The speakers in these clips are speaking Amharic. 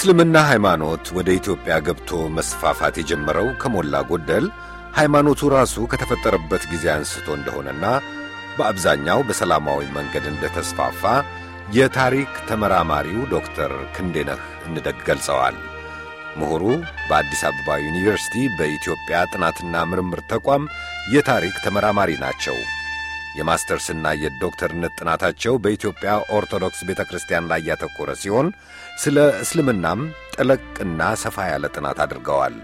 የእስልምና ሃይማኖት ወደ ኢትዮጵያ ገብቶ መስፋፋት የጀመረው ከሞላ ጎደል ሃይማኖቱ ራሱ ከተፈጠረበት ጊዜ አንስቶ እንደሆነና በአብዛኛው በሰላማዊ መንገድ እንደተስፋፋ የታሪክ ተመራማሪው ዶክተር ክንዴነህ እንደግ ገልጸዋል። ምሁሩ በአዲስ አበባ ዩኒቨርሲቲ በኢትዮጵያ ጥናትና ምርምር ተቋም የታሪክ ተመራማሪ ናቸው። የማስተርስና የዶክተርነት ጥናታቸው በኢትዮጵያ ኦርቶዶክስ ቤተ ክርስቲያን ላይ ያተኮረ ሲሆን ስለ እስልምናም ጠለቅና ሰፋ ያለ ጥናት አድርገዋል።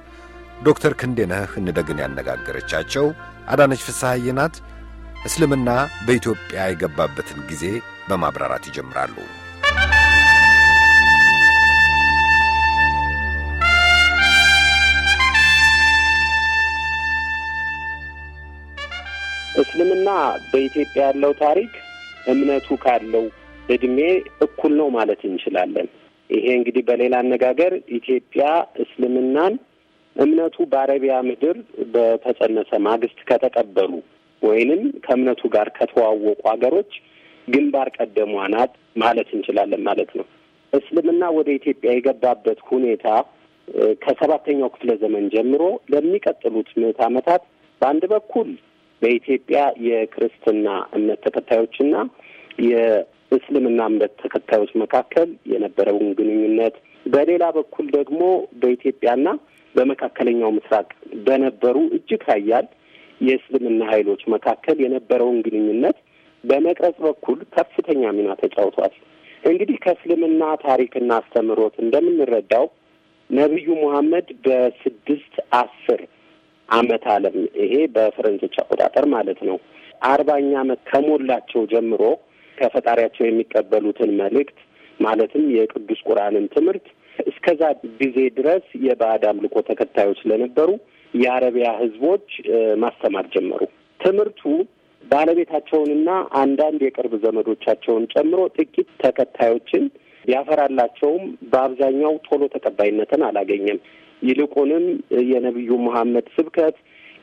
ዶክተር ክንዴነህ እንደግን ያነጋገረቻቸው አዳነች ፍስሐዬ ናት። እስልምና በኢትዮጵያ የገባበትን ጊዜ በማብራራት ይጀምራሉ። እስልምና በኢትዮጵያ ያለው ታሪክ እምነቱ ካለው እድሜ እኩል ነው ማለት እንችላለን። ይሄ እንግዲህ በሌላ አነጋገር ኢትዮጵያ እስልምናን እምነቱ በአረቢያ ምድር በተጸነሰ ማግስት ከተቀበሉ ወይንም ከእምነቱ ጋር ከተዋወቁ ሀገሮች ግንባር ቀደሟ ናት ማለት እንችላለን ማለት ነው። እስልምና ወደ ኢትዮጵያ የገባበት ሁኔታ ከሰባተኛው ክፍለ ዘመን ጀምሮ ለሚቀጥሉት ምዕት ዓመታት በአንድ በኩል በኢትዮጵያ የክርስትና እምነት ተከታዮችና የእስልምና እምነት ተከታዮች መካከል የነበረውን ግንኙነት በሌላ በኩል ደግሞ በኢትዮጵያና በመካከለኛው ምስራቅ በነበሩ እጅግ ሀያል የእስልምና ኃይሎች መካከል የነበረውን ግንኙነት በመቅረጽ በኩል ከፍተኛ ሚና ተጫውቷል። እንግዲህ ከእስልምና ታሪክና አስተምህሮት እንደምንረዳው ነቢዩ መሐመድ በስድስት አስር አመት አለም ይሄ በፈረንጆች አቆጣጠር ማለት ነው። አርባኛ አመት ከሞላቸው ጀምሮ ከፈጣሪያቸው የሚቀበሉትን መልእክት ማለትም የቅዱስ ቁርአንን ትምህርት እስከዛ ጊዜ ድረስ የባዕድ አምልኮ ተከታዮች ስለነበሩ የአረቢያ ህዝቦች ማስተማር ጀመሩ። ትምህርቱ ባለቤታቸውንና አንዳንድ የቅርብ ዘመዶቻቸውን ጨምሮ ጥቂት ተከታዮችን ያፈራላቸውም በአብዛኛው ቶሎ ተቀባይነትን አላገኘም። ይልቁንም የነቢዩ መሐመድ ስብከት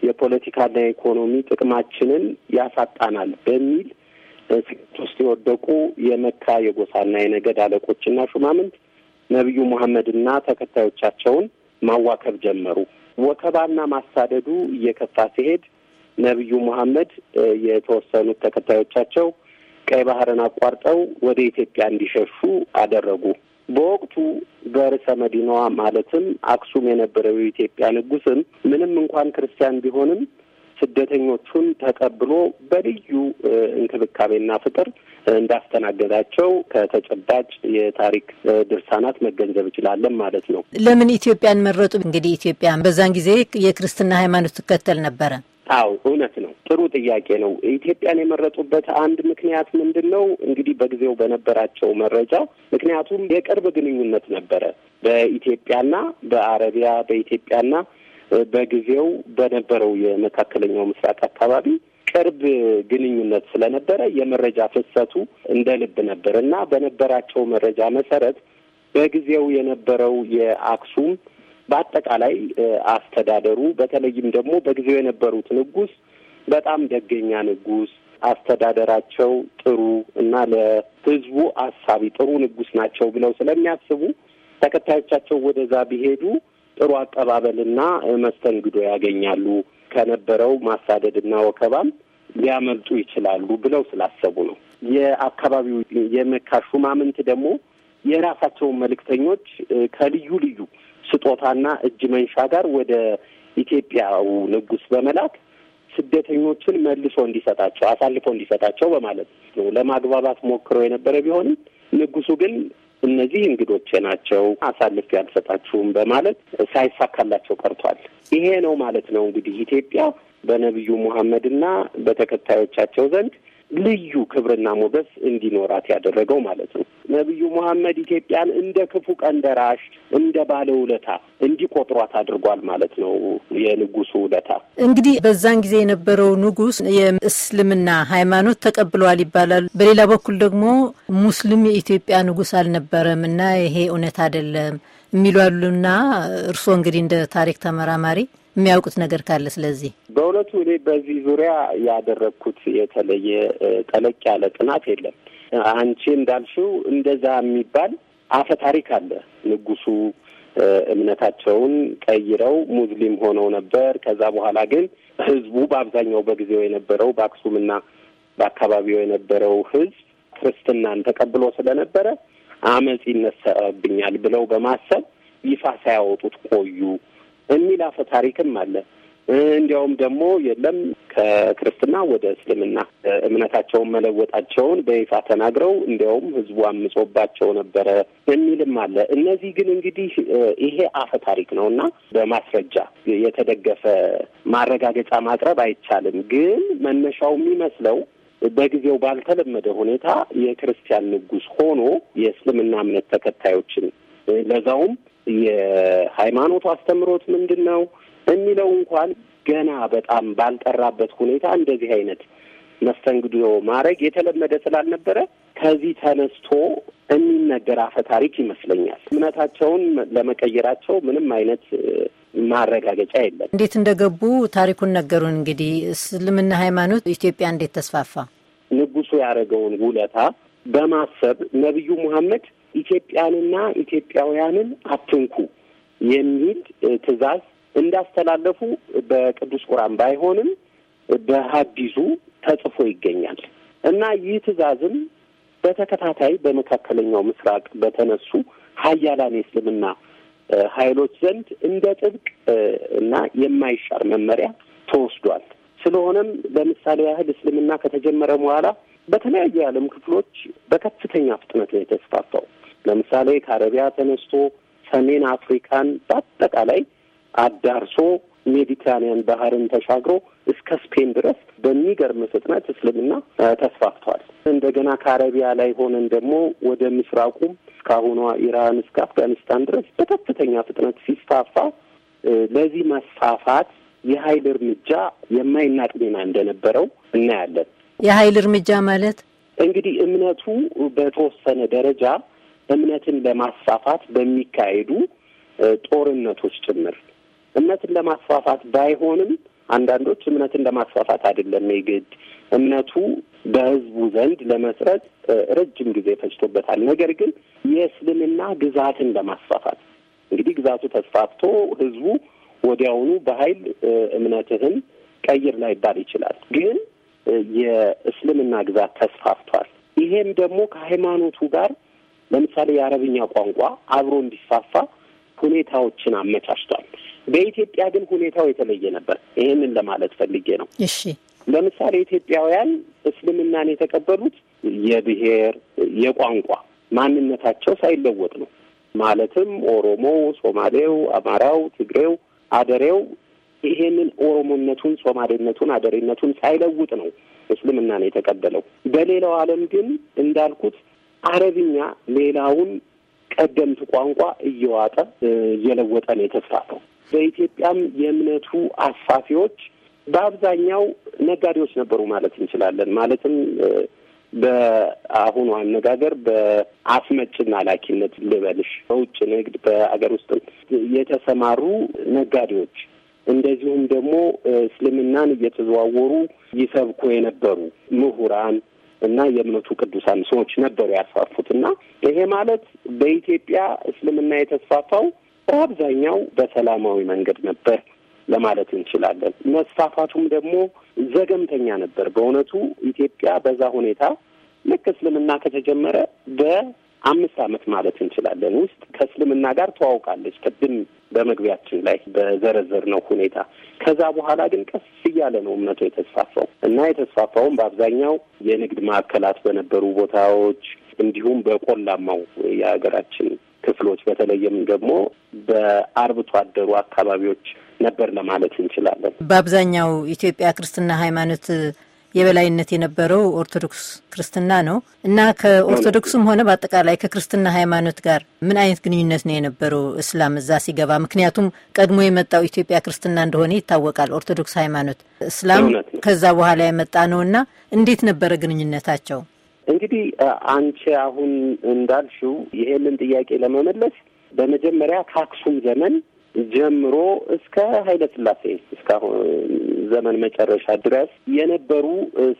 የፖለቲካና የኢኮኖሚ ጥቅማችንን ያሳጣናል በሚል ስጋት ውስጥ የወደቁ የመካ የጎሳና የነገድ አለቆችና ሹማምንት ነቢዩ መሐመድና ተከታዮቻቸውን ማዋከብ ጀመሩ። ወከባና ማሳደዱ እየከፋ ሲሄድ ነቢዩ መሐመድ የተወሰኑት ተከታዮቻቸው ቀይ ባህርን አቋርጠው ወደ ኢትዮጵያ እንዲሸሹ አደረጉ። በወቅቱ በርዕሰ መዲናዋ ማለትም አክሱም የነበረው የኢትዮጵያ ንጉስም ምንም እንኳን ክርስቲያን ቢሆንም ስደተኞቹን ተቀብሎ በልዩ እንክብካቤና ፍቅር እንዳስተናገዳቸው ከተጨባጭ የታሪክ ድርሳናት መገንዘብ እንችላለን ማለት ነው። ለምን ኢትዮጵያን መረጡ? እንግዲህ ኢትዮጵያ በዛን ጊዜ የክርስትና ሃይማኖት ትከተል ነበረ። አው እውነት ነው። ጥሩ ጥያቄ ነው። ኢትዮጵያን የመረጡበት አንድ ምክንያት ምንድን ነው? እንግዲህ በጊዜው በነበራቸው መረጃ ምክንያቱም የቅርብ ግንኙነት ነበረ በኢትዮጵያና በአረቢያ በኢትዮጵያና በጊዜው በነበረው የመካከለኛው ምስራቅ አካባቢ ቅርብ ግንኙነት ስለነበረ የመረጃ ፍሰቱ እንደ ልብ ነበር እና በነበራቸው መረጃ መሰረት በጊዜው የነበረው የአክሱም በአጠቃላይ አስተዳደሩ በተለይም ደግሞ በጊዜው የነበሩት ንጉስ በጣም ደገኛ ንጉስ አስተዳደራቸው ጥሩ እና ለህዝቡ አሳቢ ጥሩ ንጉስ ናቸው ብለው ስለሚያስቡ ተከታዮቻቸው ወደዛ ቢሄዱ ጥሩ አቀባበልና መስተንግዶ ያገኛሉ፣ ከነበረው ማሳደድና ወከባም ሊያመልጡ ይችላሉ ብለው ስላሰቡ ነው። የአካባቢው የመካ ሹማምንት ደግሞ የራሳቸውን መልእክተኞች ከልዩ ልዩ ስጦታና እጅ መንሻ ጋር ወደ ኢትዮጵያው ንጉስ በመላክ ስደተኞችን መልሶ እንዲሰጣቸው አሳልፎ እንዲሰጣቸው በማለት ነው ለማግባባት ሞክሮ የነበረ ቢሆንም ንጉሱ ግን እነዚህ እንግዶቼ ናቸው አሳልፌ አልሰጣችሁም በማለት ሳይሳካላቸው ቀርቷል። ይሄ ነው ማለት ነው እንግዲህ ኢትዮጵያ በነቢዩ ሙሐመድና በተከታዮቻቸው ዘንድ ልዩ ክብርና ሞገስ እንዲኖራት ያደረገው ማለት ነው። ነቢዩ መሐመድ ኢትዮጵያን እንደ ክፉ ቀን ደራሽ፣ እንደ ባለ ውለታ እንዲቆጥሯት አድርጓል ማለት ነው። የንጉሱ ውለታ እንግዲህ በዛን ጊዜ የነበረው ንጉስ የእስልምና ሃይማኖት ተቀብለዋል ይባላል። በሌላ በኩል ደግሞ ሙስሊም የኢትዮጵያ ንጉስ አልነበረም እና ይሄ እውነት አይደለም የሚሉ አሉና እርስዎ እንግዲህ እንደ ታሪክ ተመራማሪ የሚያውቁት ነገር ካለ ስለዚህ በእውነቱ እኔ በዚህ ዙሪያ ያደረግኩት የተለየ ጠለቅ ያለ ጥናት የለም። አንቺ እንዳልሽው እንደዛ የሚባል አፈ ታሪክ አለ። ንጉሱ እምነታቸውን ቀይረው ሙስሊም ሆነው ነበር። ከዛ በኋላ ግን ህዝቡ በአብዛኛው በጊዜው የነበረው በአክሱምና በአካባቢው የነበረው ህዝብ ክርስትናን ተቀብሎ ስለነበረ አመፅ ይነሳብኛል ብለው በማሰብ ይፋ ሳያወጡት ቆዩ የሚል አፈ ታሪክም አለ። እንዲያውም ደግሞ የለም ከክርስትና ወደ እስልምና እምነታቸውን መለወጣቸውን በይፋ ተናግረው እንዲያውም ህዝቡ አምጾባቸው ነበረ የሚልም አለ። እነዚህ ግን እንግዲህ ይሄ አፈ ታሪክ ነው እና በማስረጃ የተደገፈ ማረጋገጫ ማቅረብ አይቻልም። ግን መነሻው የሚመስለው በጊዜው ባልተለመደ ሁኔታ የክርስቲያን ንጉሥ ሆኖ የእስልምና እምነት ተከታዮችን ለዛውም የሃይማኖቱ አስተምሮት ምንድን ነው የሚለው እንኳን ገና በጣም ባልጠራበት ሁኔታ እንደዚህ አይነት መስተንግዶ ማድረግ የተለመደ ስላልነበረ ከዚህ ተነስቶ የሚነገር አፈ ታሪክ ይመስለኛል። እምነታቸውን ለመቀየራቸው ምንም አይነት ማረጋገጫ የለም። እንዴት እንደገቡ ታሪኩን ነገሩን። እንግዲህ እስልምና ሃይማኖት ኢትዮጵያ እንዴት ተስፋፋ? ንጉሱ ያደረገውን ውለታ በማሰብ ነቢዩ ሙሐመድ ኢትዮጵያንና ኢትዮጵያውያንን አትንኩ የሚል ትዕዛዝ እንዳስተላለፉ በቅዱስ ቁርአን ባይሆንም በሀዲሱ ተጽፎ ይገኛል እና ይህ ትዕዛዝም በተከታታይ በመካከለኛው ምስራቅ በተነሱ ሀያላን የእስልምና ኃይሎች ዘንድ እንደ ጥብቅ እና የማይሻር መመሪያ ተወስዷል። ስለሆነም ለምሳሌ ያህል እስልምና ከተጀመረ በኋላ በተለያዩ የዓለም ክፍሎች በከፍተኛ ፍጥነት ነው የተስፋፋው። ለምሳሌ ከአረቢያ ተነስቶ ሰሜን አፍሪካን በአጠቃላይ አዳርሶ ሜዲትራኒያን ባህርን ተሻግሮ እስከ ስፔን ድረስ በሚገርም ፍጥነት እስልምና ተስፋፍቷል። እንደገና ከአረቢያ ላይ ሆነን ደግሞ ወደ ምስራቁም እስካሁኗ ኢራን እስከ አፍጋኒስታን ድረስ በከፍተኛ ፍጥነት ሲስፋፋ ለዚህ መስፋፋት የኃይል እርምጃ የማይናቅ ሚና እንደነበረው እናያለን። የኃይል እርምጃ ማለት እንግዲህ እምነቱ በተወሰነ ደረጃ እምነትን ለማስፋፋት በሚካሄዱ ጦርነቶች ጭምር እምነትን ለማስፋፋት ባይሆንም አንዳንዶች እምነትን ለማስፋፋት አይደለም የግድ እምነቱ በህዝቡ ዘንድ ለመስረት ረጅም ጊዜ ፈጅቶበታል። ነገር ግን የእስልምና ግዛትን ለማስፋፋት እንግዲህ ግዛቱ ተስፋፍቶ ህዝቡ ወዲያውኑ በኃይል እምነትህን ቀይር ላይባል ይችላል። ግን የእስልምና ግዛት ተስፋፍቷል። ይሄም ደግሞ ከሃይማኖቱ ጋር ለምሳሌ የአረብኛ ቋንቋ አብሮ እንዲስፋፋ ሁኔታዎችን አመቻችቷል። በኢትዮጵያ ግን ሁኔታው የተለየ ነበር። ይህንን ለማለት ፈልጌ ነው። እሺ፣ ለምሳሌ ኢትዮጵያውያን እስልምናን የተቀበሉት የብሔር የቋንቋ ማንነታቸው ሳይለወጥ ነው። ማለትም ኦሮሞው፣ ሶማሌው፣ አማራው፣ ትግሬው፣ አደሬው ይሄንን ኦሮሞነቱን፣ ሶማሌነቱን፣ አደሬነቱን ሳይለውጥ ነው እስልምናን የተቀበለው። በሌላው ዓለም ግን እንዳልኩት አረብኛ ሌላውን ቀደምት ቋንቋ እየዋጠ እየለወጠ ነው የተስፋፋው። በኢትዮጵያም የእምነቱ አሳፊዎች በአብዛኛው ነጋዴዎች ነበሩ ማለት እንችላለን። ማለትም በአሁኑ አነጋገር በአስመጭና ላኪነት ልበልሽ፣ በውጭ ንግድ በአገር ውስጥም የተሰማሩ ነጋዴዎች፣ እንደዚሁም ደግሞ እስልምናን እየተዘዋወሩ ይሰብኩ የነበሩ ምሁራን እና የእምነቱ ቅዱሳን ሰዎች ነበሩ ያስፋፉት እና ይሄ ማለት በኢትዮጵያ እስልምና የተስፋፋው በአብዛኛው በሰላማዊ መንገድ ነበር ለማለት እንችላለን። መስፋፋቱም ደግሞ ዘገምተኛ ነበር። በእውነቱ ኢትዮጵያ በዛ ሁኔታ ልክ እስልምና ከተጀመረ በ አምስት ዓመት ማለት እንችላለን ውስጥ ከእስልምና ጋር ተዋውቃለች። ቅድም በመግቢያችን ላይ በዘረዘር ነው ሁኔታ ከዛ በኋላ ግን ቀስ እያለ ነው እምነቱ የተስፋፋው እና የተስፋፋውም በአብዛኛው የንግድ ማዕከላት በነበሩ ቦታዎች እንዲሁም በቆላማው የሀገራችን ክፍሎች በተለይም ደግሞ በአርብቶ አደሩ አካባቢዎች ነበር ለማለት እንችላለን። በአብዛኛው ኢትዮጵያ ክርስትና ሃይማኖት የበላይነት የነበረው ኦርቶዶክስ ክርስትና ነው እና ከኦርቶዶክስም ሆነ በአጠቃላይ ከክርስትና ሃይማኖት ጋር ምን አይነት ግንኙነት ነው የነበረው እስላም እዛ ሲገባ? ምክንያቱም ቀድሞ የመጣው ኢትዮጵያ ክርስትና እንደሆነ ይታወቃል። ኦርቶዶክስ ሃይማኖት እስላም ከዛ በኋላ የመጣ ነው እና እንዴት ነበረ ግንኙነታቸው? እንግዲህ አንቺ አሁን እንዳልሽው ይሄንን ጥያቄ ለመመለስ በመጀመሪያ ከአክሱም ዘመን ጀምሮ እስከ ኃይለ ሥላሴ እስካሁን ዘመን መጨረሻ ድረስ የነበሩ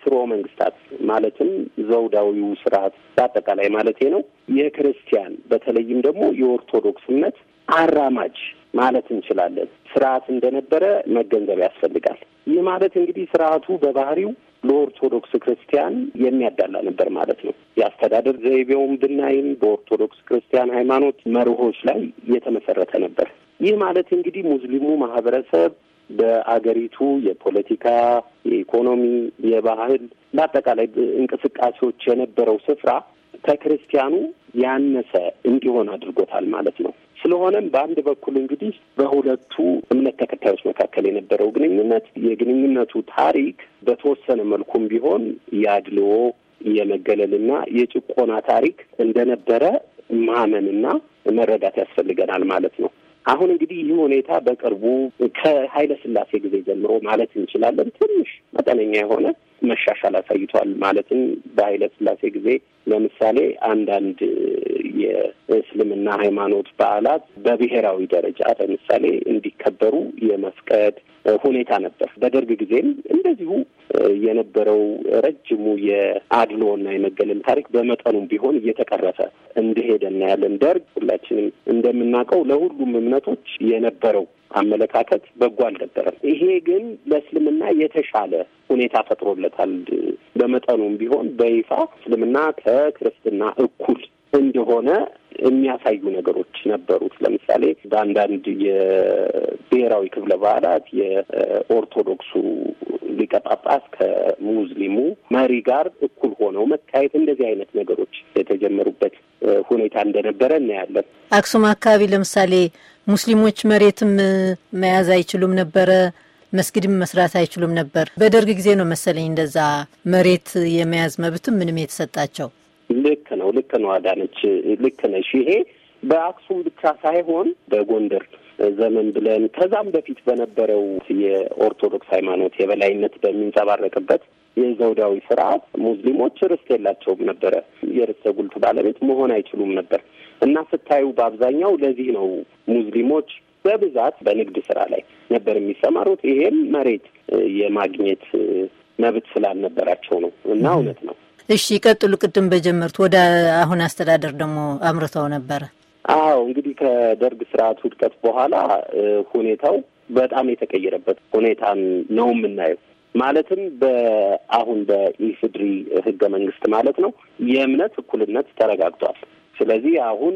ስርወ መንግስታት ማለትም ዘውዳዊው ስርዓት በአጠቃላይ ማለቴ ነው የክርስቲያን በተለይም ደግሞ የኦርቶዶክስ እምነት አራማጅ ማለት እንችላለን ስርዓት እንደነበረ መገንዘብ ያስፈልጋል። ይህ ማለት እንግዲህ ስርዓቱ በባህሪው ለኦርቶዶክስ ክርስቲያን የሚያዳላ ነበር ማለት ነው። የአስተዳደር ዘይቤውም ብናይም በኦርቶዶክስ ክርስቲያን ሃይማኖት መርሆች ላይ የተመሰረተ ነበር። ይህ ማለት እንግዲህ ሙስሊሙ ማህበረሰብ በአገሪቱ የፖለቲካ፣ የኢኮኖሚ፣ የባህል በአጠቃላይ እንቅስቃሴዎች የነበረው ስፍራ ከክርስቲያኑ ያነሰ እንዲሆን አድርጎታል ማለት ነው። ስለሆነም በአንድ በኩል እንግዲህ በሁለቱ እምነት ተከታዮች መካከል የነበረው ግንኙነት የግንኙነቱ ታሪክ በተወሰነ መልኩም ቢሆን የአድልዎ የመገለልና የጭቆና ታሪክ እንደነበረ ማመንና መረዳት ያስፈልገናል ማለት ነው። አሁን እንግዲህ ይህ ሁኔታ በቅርቡ ከኃይለ ስላሴ ጊዜ ጀምሮ ማለት እንችላለን ትንሽ መጠነኛ የሆነ መሻሻል አሳይቷል። ማለትም በኃይለ ሥላሴ ጊዜ ለምሳሌ አንዳንድ የእስልምና ሃይማኖት በዓላት በብሔራዊ ደረጃ ለምሳሌ እንዲከበሩ የመፍቀድ ሁኔታ ነበር። በደርግ ጊዜም እንደዚሁ የነበረው ረጅሙ የአድሎ እና የመገለል ታሪክ በመጠኑም ቢሆን እየተቀረፈ እንደሄደ እናያለን። ደርግ ሁላችንም እንደምናውቀው ለሁሉም እምነቶች የነበረው አመለካከት በጎ አልነበረም። ይሄ ግን ለእስልምና የተሻለ ሁኔታ ፈጥሮለታል። በመጠኑም ቢሆን በይፋ እስልምና ከክርስትና እኩል እንደሆነ የሚያሳዩ ነገሮች ነበሩት። ለምሳሌ በአንዳንድ የብሔራዊ ክፍለ በዓላት የኦርቶዶክሱ ሊቀ ጳጳስ ከሙስሊሙ መሪ ጋር እኩል ሆነው መታየት፣ እንደዚህ አይነት ነገሮች የተጀመሩበት ሁኔታ እንደነበረ እናያለን። አክሱም አካባቢ ለምሳሌ ሙስሊሞች መሬትም መያዝ አይችሉም ነበረ፣ መስጊድም መስራት አይችሉም ነበር። በደርግ ጊዜ ነው መሰለኝ እንደዛ መሬት የመያዝ መብትም ምንም የተሰጣቸው። ልክ ነው፣ ልክ ነው አዳነች፣ ልክ ነሽ። ይሄ በአክሱም ብቻ ሳይሆን በጎንደር ዘመን ብለን ከዛም በፊት በነበረው የኦርቶዶክስ ሃይማኖት የበላይነት በሚንጸባረቅበት የዘውዳዊ ስርዓት ሙስሊሞች ርስት የላቸውም ነበረ። የርስተ ጉልት ባለቤት መሆን አይችሉም ነበር። እና ስታዩ በአብዛኛው ለዚህ ነው ሙስሊሞች በብዛት በንግድ ስራ ላይ ነበር የሚሰማሩት። ይሄም መሬት የማግኘት መብት ስላልነበራቸው ነው እና እውነት ነው። እሺ ቀጥሉ። ቅድም በጀመርት ወደ አሁን አስተዳደር ደግሞ አምርተው ነበረ። አዎ እንግዲህ ከደርግ ስርዓት ውድቀት በኋላ ሁኔታው በጣም የተቀየረበት ሁኔታን ነው የምናየው። ማለትም በአሁን በኢፍድሪ ህገ መንግስት ማለት ነው የእምነት እኩልነት ተረጋግቷል። ስለዚህ አሁን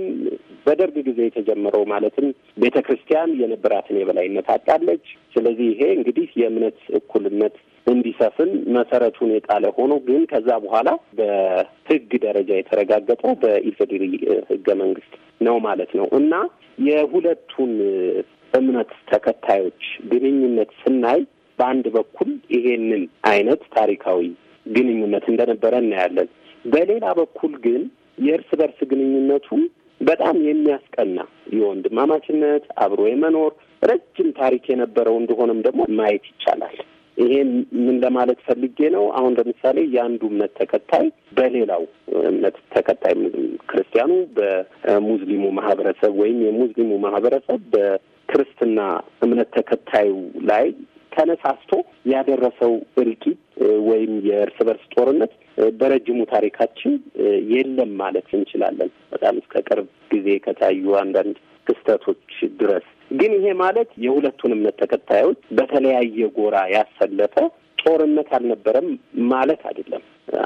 በደርግ ጊዜ የተጀመረው ማለትም ቤተ ክርስቲያን የነበራትን የበላይነት አጣለች። ስለዚህ ይሄ እንግዲህ የእምነት እኩልነት እንዲሰፍን መሰረቱን የጣለ ሆኖ ግን ከዛ በኋላ በህግ ደረጃ የተረጋገጠው በኢፌዴሪ ህገ መንግስት ነው ማለት ነው እና የሁለቱን እምነት ተከታዮች ግንኙነት ስናይ በአንድ በኩል ይሄንን አይነት ታሪካዊ ግንኙነት እንደነበረ እናያለን። በሌላ በኩል ግን የእርስ በርስ ግንኙነቱ በጣም የሚያስቀና የወንድማማችነት አብሮ የመኖር ረጅም ታሪክ የነበረው እንደሆነም ደግሞ ማየት ይቻላል። ይሄን ምን ለማለት ፈልጌ ነው? አሁን ለምሳሌ የአንዱ እምነት ተከታይ በሌላው እምነት ተከታይ ክርስቲያኑ በሙስሊሙ ማህበረሰብ ወይም የሙስሊሙ ማህበረሰብ በክርስትና እምነት ተከታዩ ላይ ተነሳስቶ ያደረሰው እልቂት ወይም የእርስ በርስ ጦርነት በረጅሙ ታሪካችን የለም ማለት እንችላለን። በጣም እስከ ቅርብ ጊዜ ከታዩ አንዳንድ ክስተቶች ድረስ ግን ይሄ ማለት የሁለቱን እምነት ተከታዮች በተለያየ ጎራ ያሰለፈ ጦርነት አልነበረም ማለት አይደለም።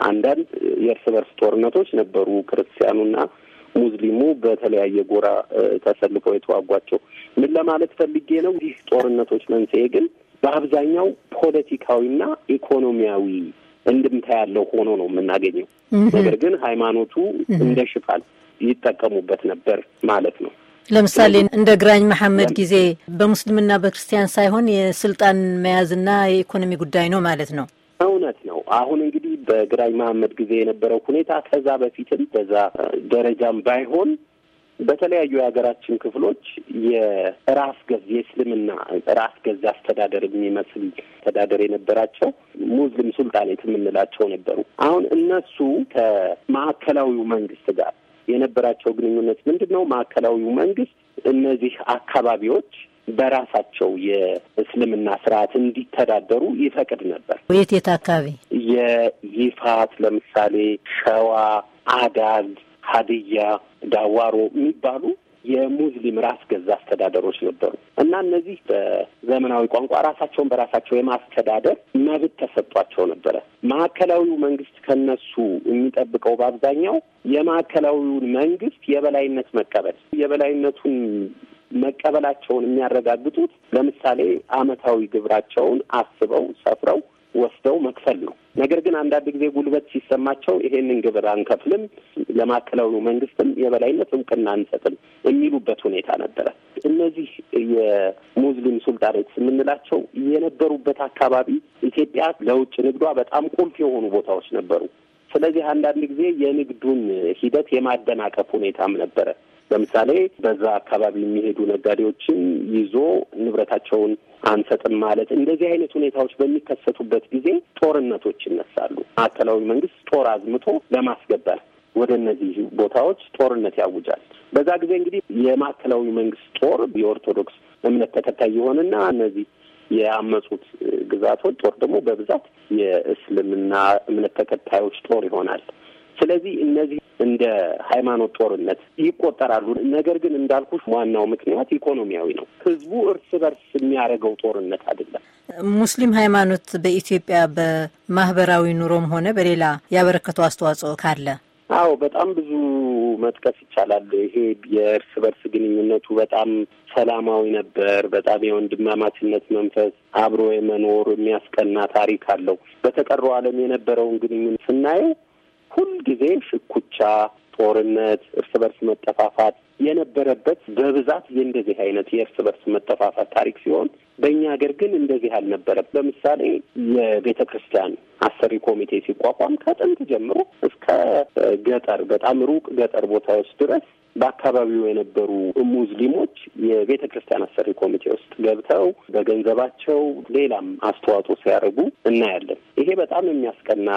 አንዳንድ የእርስ በርስ ጦርነቶች ነበሩ። ክርስቲያኑና ሙስሊሙ በተለያየ ጎራ ተሰልፈው የተዋጓቸው ምን ለማለት ፈልጌ ነው። ይህ ጦርነቶች መንስኤ ግን በአብዛኛው ፖለቲካዊና ኢኮኖሚያዊ እንድምታ ያለው ሆኖ ነው የምናገኘው። ነገር ግን ሃይማኖቱ እንደ ሽፋን ይጠቀሙበት ነበር ማለት ነው። ለምሳሌ እንደ ግራኝ መሐመድ ጊዜ በሙስሊምና በክርስቲያን ሳይሆን የስልጣን መያዝና የኢኮኖሚ ጉዳይ ነው ማለት ነው። እውነት ነው። አሁን እንግዲህ በግራኝ መሐመድ ጊዜ የነበረው ሁኔታ ከዛ በፊትም በዛ ደረጃም ባይሆን በተለያዩ የሀገራችን ክፍሎች የራስ ገዝ የእስልምና ራስ ገዝ አስተዳደር የሚመስል አስተዳደር የነበራቸው ሙስሊም ሱልጣኔት የምንላቸው ነበሩ። አሁን እነሱ ከማዕከላዊው መንግስት ጋር የነበራቸው ግንኙነት ምንድን ነው? ማዕከላዊው መንግስት እነዚህ አካባቢዎች በራሳቸው የእስልምና ስርዓት እንዲተዳደሩ ይፈቅድ ነበር። የት የት አካባቢ የይፋት ለምሳሌ ሸዋ፣ አዳል ሀድያ፣ ዳዋሮ የሚባሉ የሙስሊም ራስ ገዛ አስተዳደሮች ነበሩ እና እነዚህ በዘመናዊ ቋንቋ ራሳቸውን በራሳቸው የማስተዳደር መብት ተሰጧቸው ነበረ። ማዕከላዊው መንግስት ከነሱ የሚጠብቀው በአብዛኛው የማዕከላዊውን መንግስት የበላይነት መቀበል የበላይነቱን መቀበላቸውን የሚያረጋግጡት ለምሳሌ አመታዊ ግብራቸውን አስበው ሰፍረው ወስደው መክፈል ነው። ነገር ግን አንዳንድ ጊዜ ጉልበት ሲሰማቸው ይሄንን ግብር አንከፍልም፣ ለማዕከላዊ መንግስትም የበላይነት እውቅና አንሰጥም የሚሉበት ሁኔታ ነበረ። እነዚህ የሙዝሊም ሱልጣኔትስ የምንላቸው የነበሩበት አካባቢ ኢትዮጵያ ለውጭ ንግዷ በጣም ቁልፍ የሆኑ ቦታዎች ነበሩ። ስለዚህ አንዳንድ ጊዜ የንግዱን ሂደት የማደናቀፍ ሁኔታም ነበረ። ለምሳሌ በዛ አካባቢ የሚሄዱ ነጋዴዎችን ይዞ ንብረታቸውን አንሰጥም ማለት እንደዚህ አይነት ሁኔታዎች በሚከሰቱበት ጊዜ ጦርነቶች ይነሳሉ። ማዕከላዊ መንግስት ጦር አዝምቶ ለማስገበር ወደ እነዚህ ቦታዎች ጦርነት ያውጃል። በዛ ጊዜ እንግዲህ የማዕከላዊ መንግስት ጦር የኦርቶዶክስ እምነት ተከታይ የሆነና እነዚህ የአመፁት ግዛቶች ጦር ደግሞ በብዛት የእስልምና እምነት ተከታዮች ጦር ይሆናል። ስለዚህ እነዚህ እንደ ሃይማኖት ጦርነት ይቆጠራሉ። ነገር ግን እንዳልኩሽ ዋናው ምክንያት ኢኮኖሚያዊ ነው። ህዝቡ እርስ በርስ የሚያደርገው ጦርነት አይደለም። ሙስሊም ሃይማኖት በኢትዮጵያ በማህበራዊ ኑሮም ሆነ በሌላ ያበረከተው አስተዋጽኦ ካለ አዎ፣ በጣም ብዙ መጥቀስ ይቻላል። ይሄ የእርስ በርስ ግንኙነቱ በጣም ሰላማዊ ነበር። በጣም የወንድማማችነት መንፈስ አብሮ የመኖር የሚያስቀና ታሪክ አለው። በተቀረው ዓለም የነበረውን ግንኙነት ስናየው ሁልጊዜ ሽኩቻ፣ ጦርነት፣ እርስ በርስ መጠፋፋት የነበረበት በብዛት የእንደዚህ አይነት የእርስ በርስ መጠፋፋት ታሪክ ሲሆን በእኛ ሀገር ግን እንደዚህ አልነበረም። ለምሳሌ የቤተ ክርስቲያን አሰሪ ኮሚቴ ሲቋቋም ከጥንት ጀምሮ እስከ ገጠር በጣም ሩቅ ገጠር ቦታዎች ድረስ በአካባቢው የነበሩ ሙስሊሞች የቤተ ክርስቲያን አሰሪ ኮሚቴ ውስጥ ገብተው በገንዘባቸው ሌላም አስተዋጽኦ ሲያደርጉ እናያለን። ይሄ በጣም የሚያስቀና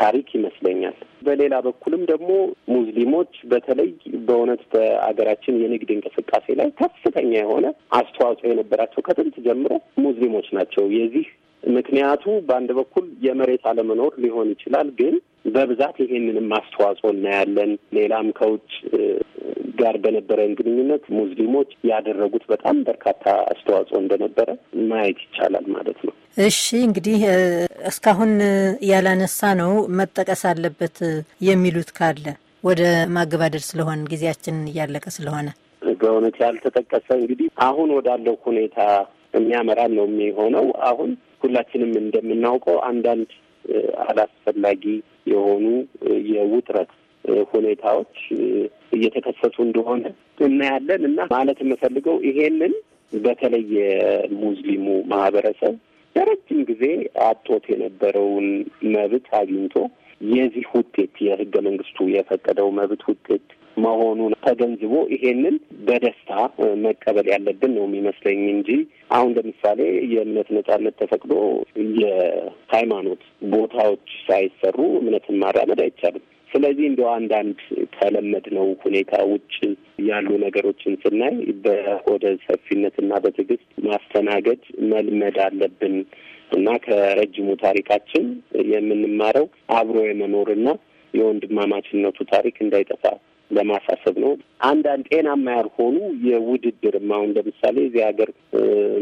ታሪክ ይመስለኛል። በሌላ በኩልም ደግሞ ሙስሊሞች በተለይ በእውነት በአገራችን የንግድ እንቅስቃሴ ላይ ከፍተኛ የሆነ አስተዋጽኦ የነበራቸው ከጥንት ጀምሮ ሙስሊሞች ናቸው። የዚህ ምክንያቱ በአንድ በኩል የመሬት አለመኖር ሊሆን ይችላል ግን በብዛት ይሄንንም አስተዋጽኦ እናያለን። ሌላም ከውጭ ጋር በነበረን ግንኙነት ሙስሊሞች ያደረጉት በጣም በርካታ አስተዋጽኦ እንደነበረ ማየት ይቻላል ማለት ነው። እሺ እንግዲህ እስካሁን ያላነሳ ነው መጠቀስ አለበት የሚሉት ካለ ወደ ማገባደድ ስለሆን ጊዜያችን እያለቀ ስለሆነ በእውነት ያልተጠቀሰ እንግዲህ አሁን ወዳለው ሁኔታ የሚያመራ ነው የሚሆነው። አሁን ሁላችንም እንደምናውቀው አንዳንድ አላስፈላጊ የሆኑ የውጥረት ሁኔታዎች እየተከሰቱ እንደሆነ እናያለን እና ማለት የምፈልገው ይሄንን በተለይ የሙስሊሙ ማህበረሰብ ለረጅም ጊዜ አጦት የነበረውን መብት አግኝቶ የዚህ ውጤት የህገ መንግስቱ የፈቀደው መብት ውጤት መሆኑን ተገንዝቦ ይሄንን በደስታ መቀበል ያለብን ነው የሚመስለኝ እንጂ አሁን ለምሳሌ የእምነት ነጻነት ተፈቅዶ የሃይማኖት ቦታዎች ሳይሰሩ እምነትን ማራመድ አይቻልም። ስለዚህ እንደ አንዳንድ ከለመድነው ሁኔታ ውጭ ያሉ ነገሮችን ስናይ በሆደ ሰፊነትና በትዕግስት ማስተናገድ መልመድ አለብን እና ከረጅሙ ታሪካችን የምንማረው አብሮ የመኖርና የወንድማማችነቱ ታሪክ እንዳይጠፋ ለማሳሰብ ነው። አንዳንድ ጤናማ ያልሆኑ የውድድር አሁን ለምሳሌ እዚህ ሀገር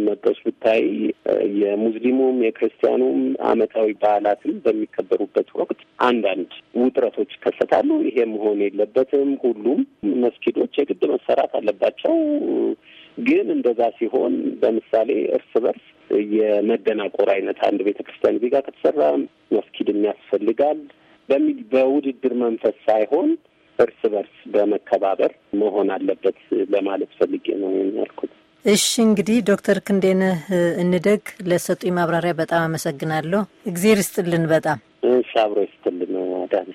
መጠሱ ብታይ የሙስሊሙም የክርስቲያኑም አመታዊ በዓላትም በሚከበሩበት ወቅት አንዳንድ ውጥረቶች ይከሰታሉ። ይሄ መሆን የለበትም። ሁሉም መስጊዶች የግድ መሰራት አለባቸው። ግን እንደዛ ሲሆን ለምሳሌ እርስ በርስ የመደናቆር አይነት አንድ ቤተ ክርስቲያን ዜጋ ከተሰራ መስጊድም ያስፈልጋል በሚል በውድድር መንፈስ ሳይሆን እርስ በርስ በመከባበር መሆን አለበት ለማለት ፈልጌ ነው ያልኩት። እሺ እንግዲህ ዶክተር ክንዴነህ እንደግ ለሰጡኝ ማብራሪያ በጣም አመሰግናለሁ። እግዜር ይስጥልን። በጣም እሺ፣ አብሮ ይስጥልን አዳነ።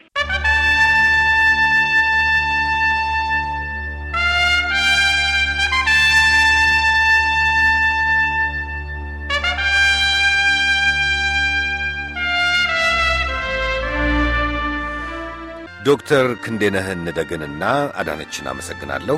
ዶክተር ክንዴነህን እንደገንና አዳነችን አመሰግናለሁ።